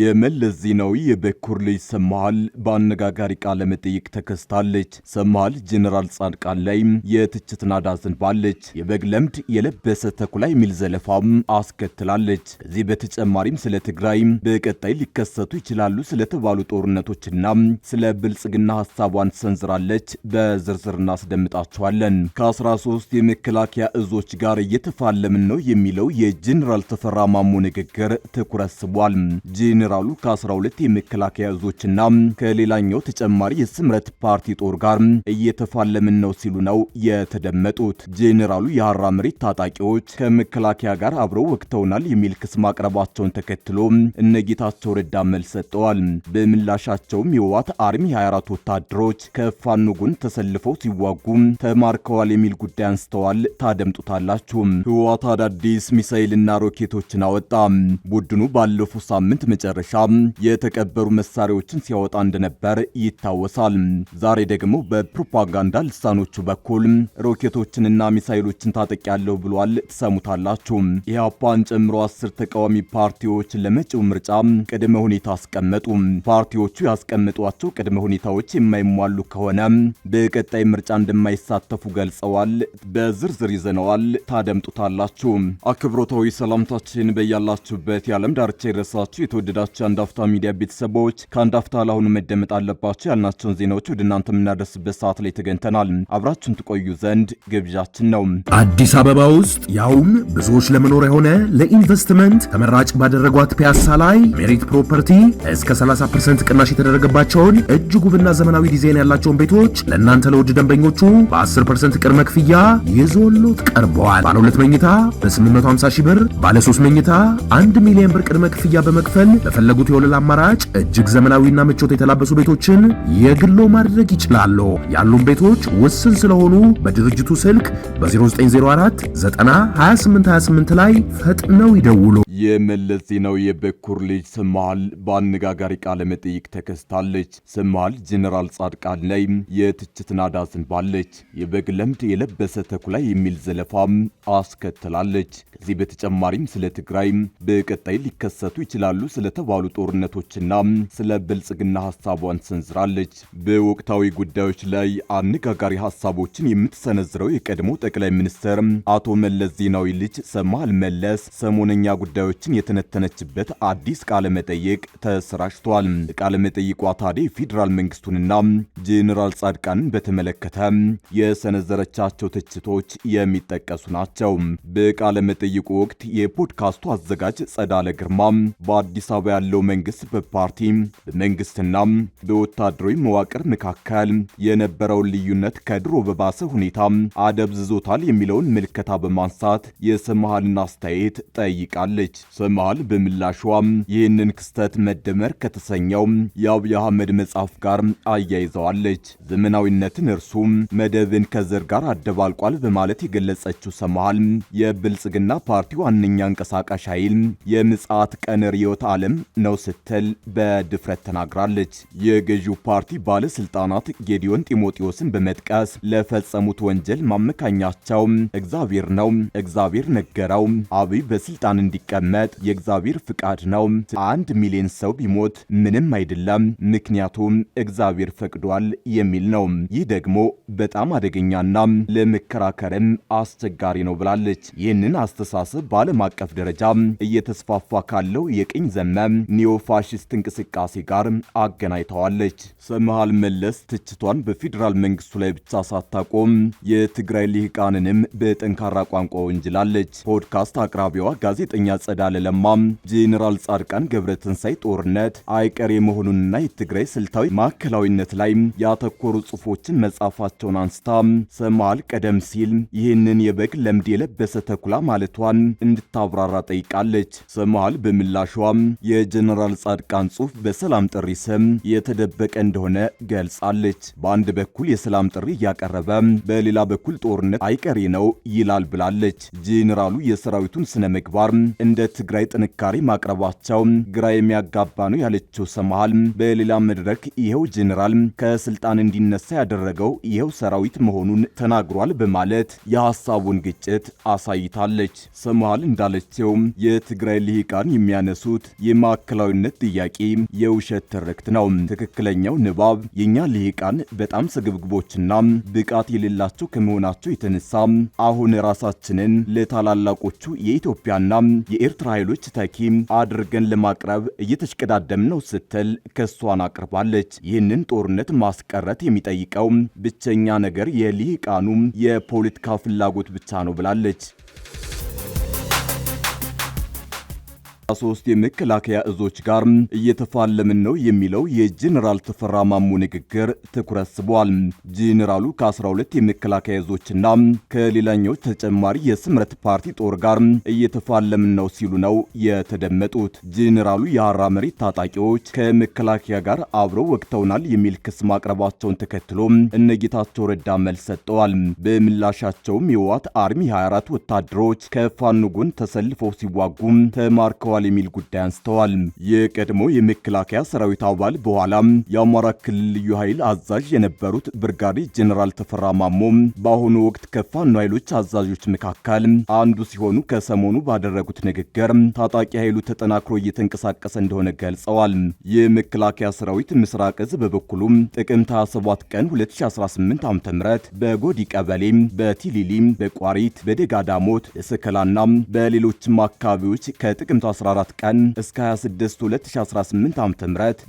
የመለስ ዜናዊ የበኩር ልጅ ሰማሃል በአነጋጋሪ ቃለ መጠይቅ ተከስታለች። ሰማሃል ጀኔራል ጻድቃን ላይ የትችት ናዳ አዝንባለች። የበግ ለምድ የለበሰ ተኩላ የሚል ዘለፋም አስከትላለች። ከዚህ በተጨማሪም ስለ ትግራይ በቀጣይ ሊከሰቱ ይችላሉ ስለተባሉ ጦርነቶችና ስለ ብልጽግና ሀሳቧን ሰንዝራለች። በዝርዝር እናስደምጣችኋለን። ከ13 የመከላከያ እዞች ጋር እየተፋለምን ነው የሚለው የጀኔራል ተፈራ ማሞ ንግግር ትኩረት ስቧል። ጄኔራሉ ከ12 የመከላከያ እዞችና ከሌላኛው ተጨማሪ የስምረት ፓርቲ ጦር ጋር እየተፋለምን ነው ሲሉ ነው የተደመጡት። ጄኔራሉ የሐራ መሬት ታጣቂዎች ከመከላከያ ጋር አብረው ወቅተውናል የሚል ክስ ማቅረባቸውን ተከትሎ እነጌታቸው ረዳ መልስ ሰጠዋል። በምላሻቸውም የህወሓት አርሚ 24 ወታደሮች ከፋኖ ጎን ተሰልፈው ሲዋጉ ተማርከዋል የሚል ጉዳይ አንስተዋል። ታደምጡታላችሁ። ህወሓት አዳዲስ ሚሳኤልና ሮኬቶችን አወጣ። ቡድኑ ባለፈው ሳምንት መጨረሻ መጨረሻ የተቀበሩ መሳሪያዎችን ሲያወጣ እንደነበር ይታወሳል። ዛሬ ደግሞ በፕሮፓጋንዳ ልሳኖቹ በኩል ሮኬቶችንና ሚሳይሎችን ታጠቅ ያለው ብሏል። ትሰሙታላችሁ። ኢህአፓን ጨምሮ አስር ተቃዋሚ ፓርቲዎች ለመጪው ምርጫ ቅድመ ሁኔታ አስቀመጡ። ፓርቲዎቹ ያስቀመጧቸው ቅድመ ሁኔታዎች የማይሟሉ ከሆነ በቀጣይ ምርጫ እንደማይሳተፉ ገልጸዋል። በዝርዝር ይዘነዋል፣ ታደምጡታላችሁ። አክብሮታዊ ሰላምታችን በያላችሁበት የዓለም ዳርቻ የደረሳችሁ የተወደዳ የተወደዳችሁ የአንድ አፍታ ሚዲያ ቤተሰቦች ከአንድ አፍታ ለአሁኑ መደመጥ አለባቸው ያልናቸውን ዜናዎች ወደ እናንተ የምናደርስበት ሰዓት ላይ ተገኝተናል። አብራችሁን ትቆዩ ዘንድ ግብዣችን ነው። አዲስ አበባ ውስጥ ያውም ብዙዎች ለመኖር የሆነ ለኢንቨስትመንት ተመራጭ ባደረጓት ፒያሳ ላይ ሜሪት ፕሮፐርቲ እስከ 30 ፐርሰንት ቅናሽ የተደረገባቸውን እጅግ ውብና ዘመናዊ ዲዛይን ያላቸውን ቤቶች ለእናንተ ለውድ ደንበኞቹ በ10 ፐርሰንት ቅድመ ክፍያ ይዞሎት ቀርበዋል። ባለ ሁለት መኝታ በ850 ሺህ ብር፣ ባለ ሶስት መኝታ 1 ሚሊዮን ብር ቅድመ ክፍያ በመክፈል በፈለጉት የወለል አማራጭ እጅግ ዘመናዊና ምቾት የተላበሱ ቤቶችን የግሎ ማድረግ ይችላሉ። ያሉን ቤቶች ውስን ስለሆኑ በድርጅቱ ስልክ በ0904 9 28 28 ላይ ፈጥነው ይደውሉ። የመለስ ዜናዊ የበኩር ልጅ ስምሃል በአነጋጋሪ ቃለ መጠይቅ ተከስታለች። ስምሃል ጀነራል ጻድቃን ላይ የትችት ናዳ ዝንባለች። የበግ ለምድ የለበሰ ተኩላ የሚል ዘለፋም አስከትላለች። ከዚህ በተጨማሪም ስለ ትግራይ በቀጣይ ሊከሰቱ ይችላሉ ስለተባሉ ጦርነቶችና ስለ ብልጽግና ሀሳቧን ሰንዝራለች። በወቅታዊ ጉዳዮች ላይ አነጋጋሪ ሀሳቦችን የምትሰነዝረው የቀድሞ ጠቅላይ ሚኒስትር አቶ መለስ ዜናዊ ልጅ ስምሃል መለስ ሰሞነኛ ጉዳዮች ጉዳዮችን የተነተነችበት አዲስ ቃለ መጠይቅ ተሰራጭቷል። ቃለ መጠይቋ ታዲያ የፌዴራል መንግስቱንና ጄኔራል ጻድቃንን በተመለከተ የሰነዘረቻቸው ትችቶች የሚጠቀሱ ናቸው። በቃለ መጠይቁ ወቅት የፖድካስቱ አዘጋጅ ጸዳለ ግርማ በአዲስ አበባ ያለው መንግስት በፓርቲ በመንግስትና በወታደራዊ መዋቅር መካከል የነበረውን ልዩነት ከድሮ በባሰ ሁኔታ አደብዝዞታል የሚለውን ምልከታ በማንሳት የሰማሃልን አስተያየት ጠይቃለች። ሰማል በምላሿም ይህንን ክስተት መደመር ከተሰኘው የአብይ አህመድ መጽሐፍ ጋር አያይዘዋለች። ዘመናዊነትን እርሱ መደብን ከዘር ጋር አደባልቋል በማለት የገለጸችው ሰማል የብልጽግና ፓርቲ ዋነኛ አንቀሳቃሽ ኃይል የምጽት ቀን ርዕዮተ ዓለም ነው ስትል በድፍረት ተናግራለች። የገዢው ፓርቲ ባለስልጣናት ጌዲዮን ጢሞቴዎስን በመጥቀስ ለፈጸሙት ወንጀል ማመካኛቸው እግዚአብሔር ነው፣ እግዚአብሔር ነገረው፣ አብይ በስልጣን እንዲቀመ ሲቀመጥ የእግዚአብሔር ፍቃድ ነው። አንድ ሚሊዮን ሰው ቢሞት ምንም አይደለም፣ ምክንያቱም እግዚአብሔር ፈቅዷል የሚል ነው። ይህ ደግሞ በጣም አደገኛና ለመከራከርም አስቸጋሪ ነው ብላለች። ይህንን አስተሳሰብ በዓለም አቀፍ ደረጃ እየተስፋፋ ካለው የቅኝ ዘመም ኒዮፋሽስት ፋሽስት እንቅስቃሴ ጋር አገናኝተዋለች። ሰምሃል መለስ ትችቷን በፌዴራል መንግስቱ ላይ ብቻ ሳታቆም የትግራይ ሊህቃንንም በጠንካራ ቋንቋ ወንጅላለች። ፖድካስት አቅራቢዋ ጋዜጠኛ ጸዳለ ለማም ጄኔራል ጻድቃን ገብረትንሳይ ጦርነት አይቀሬ መሆኑንና የትግራይ ስልታዊ ማዕከላዊነት ላይ ያተኮሩ ጽሑፎችን መጻፋቸውን አንስታ ሰማል ቀደም ሲል ይህንን የበግ ለምድ የለበሰ ተኩላ ማለቷን እንድታብራራ ጠይቃለች። ሰማል በምላሿም የጄኔራል ጻድቃን ጽሑፍ በሰላም ጥሪ ስም የተደበቀ እንደሆነ ገልጻለች። በአንድ በኩል የሰላም ጥሪ እያቀረበ በሌላ በኩል ጦርነት አይቀሬ ነው ይላል ብላለች። ጄኔራሉ የሰራዊቱን ስነ ምግባር እንደ ለትግራይ ጥንካሬ ማቅረባቸው ግራ የሚያጋባ ነው ያለችው ሰማሃል፣ በሌላ መድረክ ይኸው ጄኔራል ከስልጣን እንዲነሳ ያደረገው ይኸው ሰራዊት መሆኑን ተናግሯል በማለት የሐሳቡን ግጭት አሳይታለች። ሰማሃል እንዳለችው የትግራይ ልሂቃን የሚያነሱት የማዕከላዊነት ጥያቄ የውሸት ትርክት ነው። ትክክለኛው ንባብ የእኛ ልሂቃን በጣም ስግብግቦችና ብቃት የሌላቸው ከመሆናቸው የተነሳ አሁን ራሳችንን ለታላላቆቹ የኢትዮጵያና የኤር የኤርትራ ኃይሎች ተኪም አድርገን ለማቅረብ እየተሽቀዳደም ነው ስትል ከሷን አቅርባለች። ይህንን ጦርነት ማስቀረት የሚጠይቀው ብቸኛ ነገር የሊህቃኑ የፖለቲካ ፍላጎት ብቻ ነው ብላለች። ሶስት የመከላከያ እዞች ጋር እየተፋለምን ነው የሚለው የጄኔራል ተፈራ ማሙ ንግግር ትኩረት ስቧል። ጄኔራሉ ከ12 የመከላከያ እዞችና ከሌላኛው ተጨማሪ የስምረት ፓርቲ ጦር ጋር እየተፋለምን ነው ሲሉ ነው የተደመጡት። ጄኔራሉ የሐራ መሬት ታጣቂዎች ከመከላከያ ጋር አብረው ወቅተውናል የሚል ክስ ማቅረባቸውን ተከትሎ እነጌታቸው ረዳ መልስ ሰጥተዋል። በምላሻቸውም የህወሓት አርሚ 24 ወታደሮች ከፋኑ ጎን ተሰልፈው ሲዋጉ ተማርከው ተሳትፈዋል የሚል ጉዳይ አንስተዋል። የቀድሞ የመከላከያ ሰራዊት አባል በኋላም የአማራ ክልል ልዩ ኃይል አዛዥ የነበሩት ብርጋዴ ጀኔራል ተፈራ ማሞ በአሁኑ ወቅት ከፋኖ ኃይሎች አዛዦች መካከል አንዱ ሲሆኑ ከሰሞኑ ባደረጉት ንግግር ታጣቂ ኃይሉ ተጠናክሮ እየተንቀሳቀሰ እንደሆነ ገልጸዋል። የመከላከያ ሰራዊት ምስራቅ እዝ በበኩሉ ጥቅምት 27 ቀን 2018 ዓ.ም በጎዲ ቀበሌ፣ በቲሊሊ፣ በቋሪት፣ በደጋዳሞት፣ በሰከላና በሌሎችም አካባቢዎች ከጥቅምት 14 ቀን እስከ 26 2018 ዓ.ም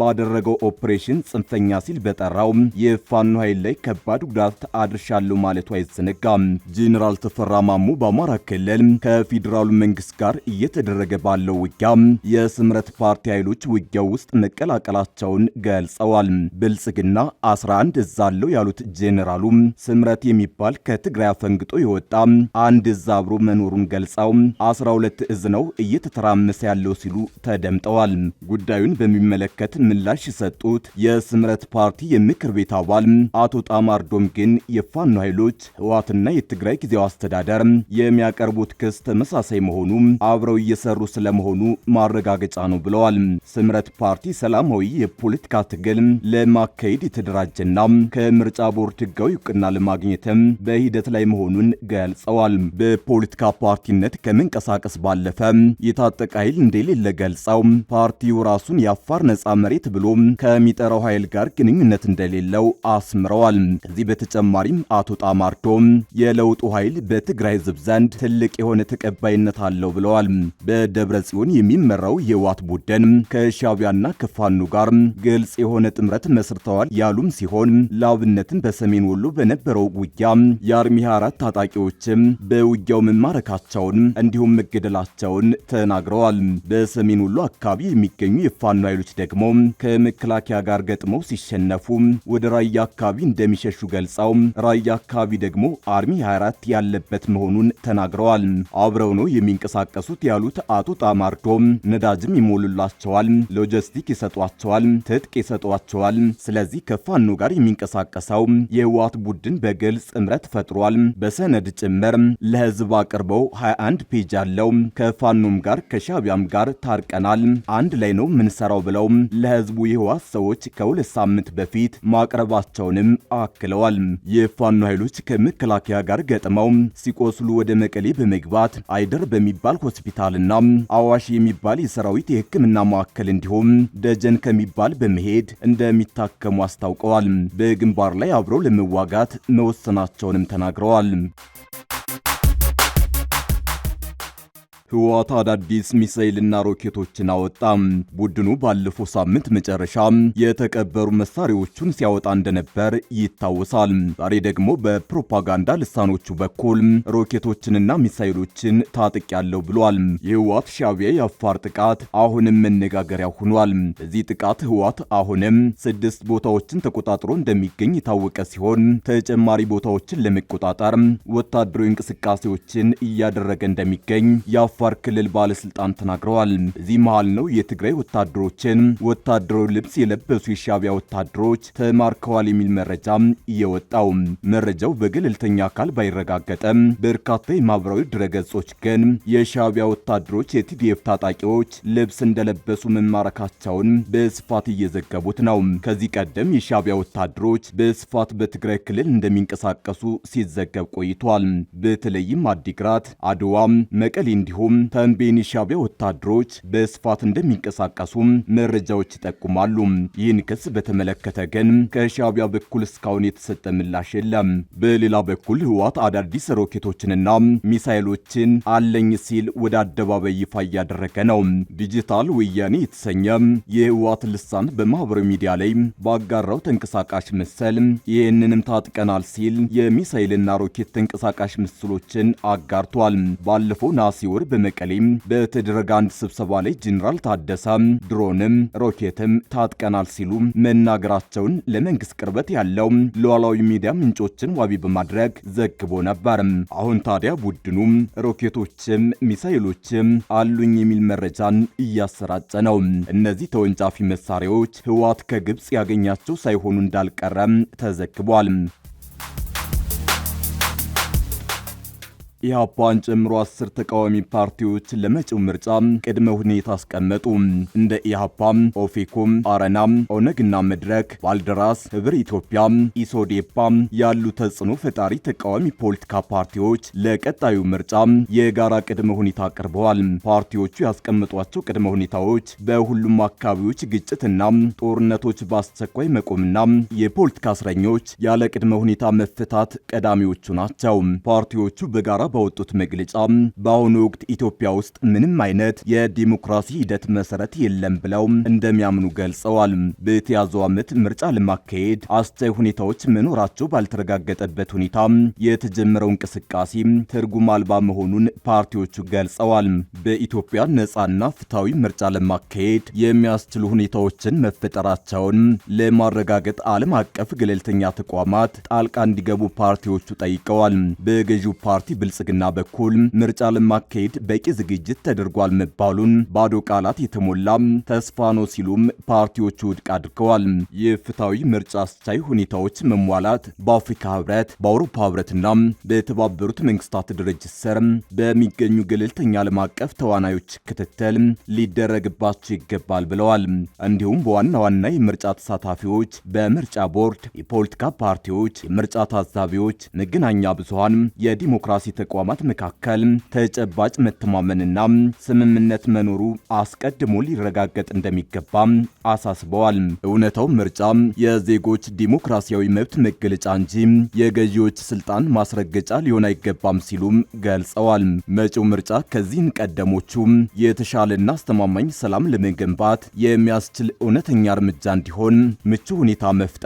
ባደረገው ኦፕሬሽን ጽንፈኛ ሲል በጠራው የፋኖ ኃይል ላይ ከባድ ጉዳት አድርሻለሁ ማለቱ አይዘነጋም። ጄኔራል ተፈራ ማሞ በአማራ ክልል ከፌዴራሉ መንግስት ጋር እየተደረገ ባለው ውጊያ የስምረት ፓርቲ ኃይሎች ውጊያው ውስጥ መቀላቀላቸውን ገልጸዋል። ብልጽግና 11 እዝ አለው ያሉት ጄኔራሉ ስምረት የሚባል ከትግራይ አፈንግጦ የወጣ አንድ እዝ አብሮ መኖሩን ገልጸው 12 እዝ ነው እየተተራመሰ እየደረሰ ያለው ሲሉ ተደምጠዋል። ጉዳዩን በሚመለከት ምላሽ የሰጡት የስምረት ፓርቲ የምክር ቤት አባል አቶ ጣማር አርዶም ግን የፋኖ ኃይሎች ህዋትና የትግራይ ጊዜያዊ አስተዳደር የሚያቀርቡት ክስ ተመሳሳይ መሆኑ አብረው እየሰሩ ስለመሆኑ ማረጋገጫ ነው ብለዋል። ስምረት ፓርቲ ሰላማዊ የፖለቲካ ትግል ለማካሄድ የተደራጀና ከምርጫ ቦርድ ህጋዊ እውቅና ለማግኘትም በሂደት ላይ መሆኑን ገልጸዋል። በፖለቲካ ፓርቲነት ከመንቀሳቀስ ባለፈ የታጠቀ ኃይል እንደሌለ ገልጸው ፓርቲው ራሱን የአፋር ነጻ መሬት ብሎ ከሚጠራው ኃይል ጋር ግንኙነት እንደሌለው አስምረዋል። ከዚህ በተጨማሪም አቶ ጣማርዶ የለውጡ ኃይል በትግራይ ህዝብ ዘንድ ትልቅ የሆነ ተቀባይነት አለው ብለዋል። በደብረ ጽዮን የሚመራው የዋት ቡድን ከሻቢያና ከፋኑ ጋር ግልጽ የሆነ ጥምረት መስርተዋል ያሉም ሲሆን ለአብነትን በሰሜን ወሎ በነበረው ውጊያ የአርሚ አራት ታጣቂዎችም በውጊያው መማረካቸውን እንዲሁም መገደላቸውን ተናግረዋል። ተናግረዋል። በሰሜን ወሎ አካባቢ የሚገኙ የፋኖ ኃይሎች ደግሞ ከመከላከያ ጋር ገጥመው ሲሸነፉ ወደ ራያ አካባቢ እንደሚሸሹ ገልጸው ራያ አካባቢ ደግሞ አርሚ 24 ያለበት መሆኑን ተናግረዋል። አብረው ነው የሚንቀሳቀሱት ያሉት አቶ ጣማርዶ ነዳጅም ይሞሉላቸዋል፣ ሎጂስቲክ ይሰጧቸዋል፣ ትጥቅ ይሰጧቸዋል። ስለዚህ ከፋኖ ጋር የሚንቀሳቀሰው የህወሓት ቡድን በግልጽ እምረት ፈጥሯል። በሰነድ ጭምር ለህዝብ አቅርበው 21 ፔጅ አለው። ከፋኖም ጋር ከሻቢ ጣቢያም ጋር ታርቀናል፣ አንድ ላይ ነው ምንሰራው ብለው ለህዝቡ የህዋት ሰዎች ከሁለት ሳምንት በፊት ማቅረባቸውንም አክለዋል። የፋኖ ኃይሎች ከመከላከያ ጋር ገጥመው ሲቆስሉ ወደ መቀሌ በመግባት አይደር በሚባል ሆስፒታልና አዋሽ የሚባል የሰራዊት የህክምና ማዕከል እንዲሁም ደጀን ከሚባል በመሄድ እንደሚታከሙ አስታውቀዋል። በግንባር ላይ አብረው ለመዋጋት መወሰናቸውንም ተናግረዋል። ህወሓት አዳዲስ ሚሳኤልና ሮኬቶችን አወጣ። ቡድኑ ባለፈው ሳምንት መጨረሻ የተቀበሩ መሳሪያዎቹን ሲያወጣ እንደነበር ይታወሳል። ዛሬ ደግሞ በፕሮፓጋንዳ ልሳኖቹ በኩል ሮኬቶችንና ሚሳኤሎችን ታጥቅ ያለው ብሏል። የህወሓት ሻቢያ የአፋር ጥቃት አሁንም መነጋገሪያ ሆኗል። በዚህ ጥቃት ህወሓት አሁንም ስድስት ቦታዎችን ተቆጣጥሮ እንደሚገኝ የታወቀ ሲሆን ተጨማሪ ቦታዎችን ለመቆጣጠር ወታደራዊ እንቅስቃሴዎችን እያደረገ እንደሚገኝ የአፋር ክልል ባለስልጣን ተናግረዋል። በዚህ መሃል ነው የትግራይ ወታደሮችን ወታደራዊ ልብስ የለበሱ የሻቢያ ወታደሮች ተማርከዋል የሚል መረጃ እየወጣው መረጃው በገለልተኛ አካል ባይረጋገጠም በርካታ የማህበራዊ ድረገጾች ግን የሻቢያ ወታደሮች የቲዲኤፍ ታጣቂዎች ልብስ እንደለበሱ መማረካቸውን በስፋት እየዘገቡት ነው። ከዚህ ቀደም የሻቢያ ወታደሮች በስፋት በትግራይ ክልል እንደሚንቀሳቀሱ ሲዘገብ ቆይቷል። በተለይም አዲግራት፣ አድዋ፣ መቀሌ እንዲሁም እንዲሁም ከቤኒሻንጉል ወታደሮች በስፋት እንደሚንቀሳቀሱ መረጃዎች ይጠቁማሉ። ይህን ክስ በተመለከተ ግን ከሻቢያ በኩል እስካሁን የተሰጠ ምላሽ የለም። በሌላ በኩል ህወሓት አዳዲስ ሮኬቶችንና ሚሳይሎችን አለኝ ሲል ወደ አደባባይ ይፋ እያደረገ ነው። ዲጂታል ወያኔ የተሰኘ የህወሓት ልሳን በማህበራዊ ሚዲያ ላይ ባጋራው ተንቀሳቃሽ ምስል ይህንንም ታጥቀናል ሲል የሚሳይልና ሮኬት ተንቀሳቃሽ ምስሎችን አጋርቷል። ባለፈው ነሐሴ ወር በመቀሌም በተደረገ አንድ ስብሰባ ላይ ጀኔራል ታደሰ ድሮንም ሮኬትም ታጥቀናል ሲሉ መናገራቸውን ለመንግስት ቅርበት ያለው ሉዓላዊ ሚዲያ ምንጮችን ዋቢ በማድረግ ዘግቦ ነበር። አሁን ታዲያ ቡድኑ ሮኬቶችም ሚሳይሎችም አሉኝ የሚል መረጃን እያሰራጨ ነው። እነዚህ ተወንጫፊ መሳሪያዎች ህወሓት ከግብፅ ያገኛቸው ሳይሆኑ እንዳልቀረም ተዘግቧል። ኢህአፓን ጨምሮ አስር ተቃዋሚ ፓርቲዎች ለመጪው ምርጫ ቅድመ ሁኔታ አስቀመጡ። እንደ ኢህአፓም፣ ኦፌኮም፣ አረናም፣ ኦነግና መድረክ፣ ባልደራስ፣ ህብር ኢትዮጵያ፣ ኢሶዴፓ ያሉ ተጽዕኖ ፈጣሪ ተቃዋሚ ፖለቲካ ፓርቲዎች ለቀጣዩ ምርጫ የጋራ ቅድመ ሁኔታ አቅርበዋል። ፓርቲዎቹ ያስቀመጧቸው ቅድመ ሁኔታዎች በሁሉም አካባቢዎች ግጭትና ጦርነቶች በአስቸኳይ መቆምና የፖለቲካ እስረኞች ያለ ቅድመ ሁኔታ መፈታት ቀዳሚዎቹ ናቸው። ፓርቲዎቹ በጋራ ባወጡት መግለጫ በአሁኑ ወቅት ኢትዮጵያ ውስጥ ምንም አይነት የዲሞክራሲ ሂደት መሰረት የለም ብለው እንደሚያምኑ ገልጸዋል። በተያዘው ዓመት ምርጫ ለማካሄድ አስቻይ ሁኔታዎች መኖራቸው ባልተረጋገጠበት ሁኔታ የተጀመረው እንቅስቃሴ ትርጉም አልባ መሆኑን ፓርቲዎቹ ገልጸዋል። በኢትዮጵያ ነጻና ፍትሐዊ ምርጫ ለማካሄድ የሚያስችሉ ሁኔታዎችን መፈጠራቸውን ለማረጋገጥ ዓለም አቀፍ ገለልተኛ ተቋማት ጣልቃ እንዲገቡ ፓርቲዎቹ ጠይቀዋል። በገዢው ፓርቲ ብልጽ ብልጽግና በኩል ምርጫ ለማካሄድ በቂ ዝግጅት ተደርጓል መባሉን ባዶ ቃላት የተሞላ ተስፋ ነው ሲሉም ፓርቲዎቹ ውድቅ አድርገዋል። የፍትሐዊ ምርጫ አስቻይ ሁኔታዎች መሟላት በአፍሪካ ህብረት፣ በአውሮፓ ህብረትና በተባበሩት መንግስታት ድርጅት ስር በሚገኙ ገለልተኛ ዓለም አቀፍ ተዋናዮች ክትትል ሊደረግባቸው ይገባል ብለዋል። እንዲሁም በዋና ዋና የምርጫ ተሳታፊዎች፣ በምርጫ ቦርድ፣ የፖለቲካ ፓርቲዎች፣ የምርጫ ታዛቢዎች፣ መገናኛ ብዙሃን፣ የዲሞክራሲ ተቋማት መካከል ተጨባጭ መተማመንና ስምምነት መኖሩ አስቀድሞ ሊረጋገጥ እንደሚገባ አሳስበዋል። እውነታው ምርጫ የዜጎች ዲሞክራሲያዊ መብት መገለጫ እንጂ የገዢዎች ስልጣን ማስረገጫ ሊሆን አይገባም ሲሉም ገልጸዋል። መጪው ምርጫ ከዚህን ቀደሞቹ የተሻለና አስተማማኝ ሰላም ለመገንባት የሚያስችል እውነተኛ እርምጃ እንዲሆን ምቹ ሁኔታ መፍጠር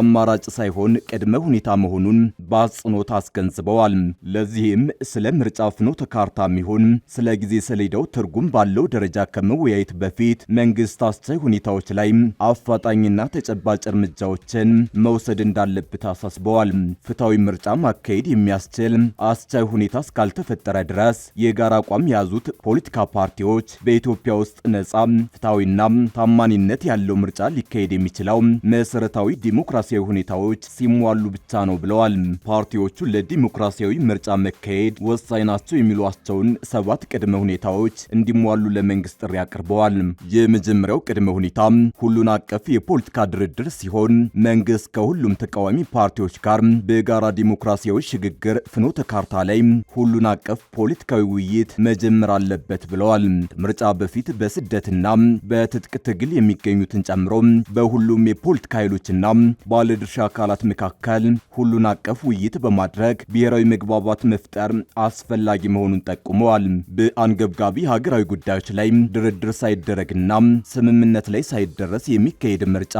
አማራጭ ሳይሆን ቅድመ ሁኔታ መሆኑን በአጽንኦት አስገንዝበዋል። ለዚህም ወይም ስለ ምርጫ ፍኖተ ካርታ የሚሆን ስለ ጊዜ ሰሌዳው ትርጉም ባለው ደረጃ ከመወያየት በፊት መንግስት አስቻይ ሁኔታዎች ላይ አፋጣኝና ተጨባጭ እርምጃዎችን መውሰድ እንዳለበት አሳስበዋል። ፍትሐዊ ምርጫ ማካሄድ የሚያስችል አስቻይ ሁኔታ እስካልተፈጠረ ድረስ የጋራ አቋም የያዙት ፖለቲካ ፓርቲዎች በኢትዮጵያ ውስጥ ነጻ ፍትሐዊና ታማኒነት ያለው ምርጫ ሊካሄድ የሚችለው መሰረታዊ ዲሞክራሲያዊ ሁኔታዎች ሲሟሉ ብቻ ነው ብለዋል። ፓርቲዎቹ ለዲሞክራሲያዊ ምርጫ መካሄድ ለማካሄድ ወሳኝ ናቸው የሚሏቸውን ሰባት ቅድመ ሁኔታዎች እንዲሟሉ ለመንግስት ጥሪ አቅርበዋል። የመጀመሪያው ቅድመ ሁኔታ ሁሉን አቀፍ የፖለቲካ ድርድር ሲሆን መንግስት ከሁሉም ተቃዋሚ ፓርቲዎች ጋር በጋራ ዲሞክራሲያዊ ሽግግር ፍኖተ ካርታ ላይ ሁሉን አቀፍ ፖለቲካዊ ውይይት መጀመር አለበት ብለዋል። ምርጫ በፊት በስደትና በትጥቅ ትግል የሚገኙትን ጨምሮ በሁሉም የፖለቲካ ኃይሎችና ባለድርሻ አካላት መካከል ሁሉን አቀፍ ውይይት በማድረግ ብሔራዊ መግባባት መፍጠር መፍጠር አስፈላጊ መሆኑን ጠቁመዋል። በአንገብጋቢ ሀገራዊ ጉዳዮች ላይ ድርድር ሳይደረግና ስምምነት ላይ ሳይደረስ የሚካሄድ ምርጫ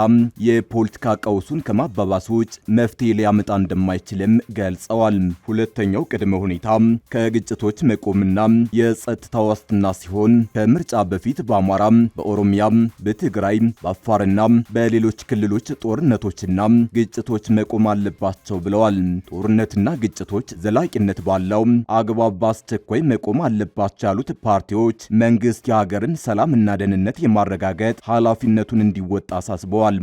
የፖለቲካ ቀውሱን ከማባባስ ውጭ መፍትሄ ሊያመጣ እንደማይችልም ገልጸዋል። ሁለተኛው ቅድመ ሁኔታ ከግጭቶች መቆምና የጸጥታ ዋስትና ሲሆን ከምርጫ በፊት በአማራ፣ በኦሮሚያ፣ በትግራይ፣ በአፋርና በሌሎች ክልሎች ጦርነቶችና ግጭቶች መቆም አለባቸው ብለዋል። ጦርነትና ግጭቶች ዘላቂነት ባለው ባለው አግባብ በአስቸኳይ መቆም አለባቸው ያሉት ፓርቲዎች መንግስት የሀገርን ሰላም እና ደህንነት የማረጋገጥ ኃላፊነቱን እንዲወጣ አሳስበዋል።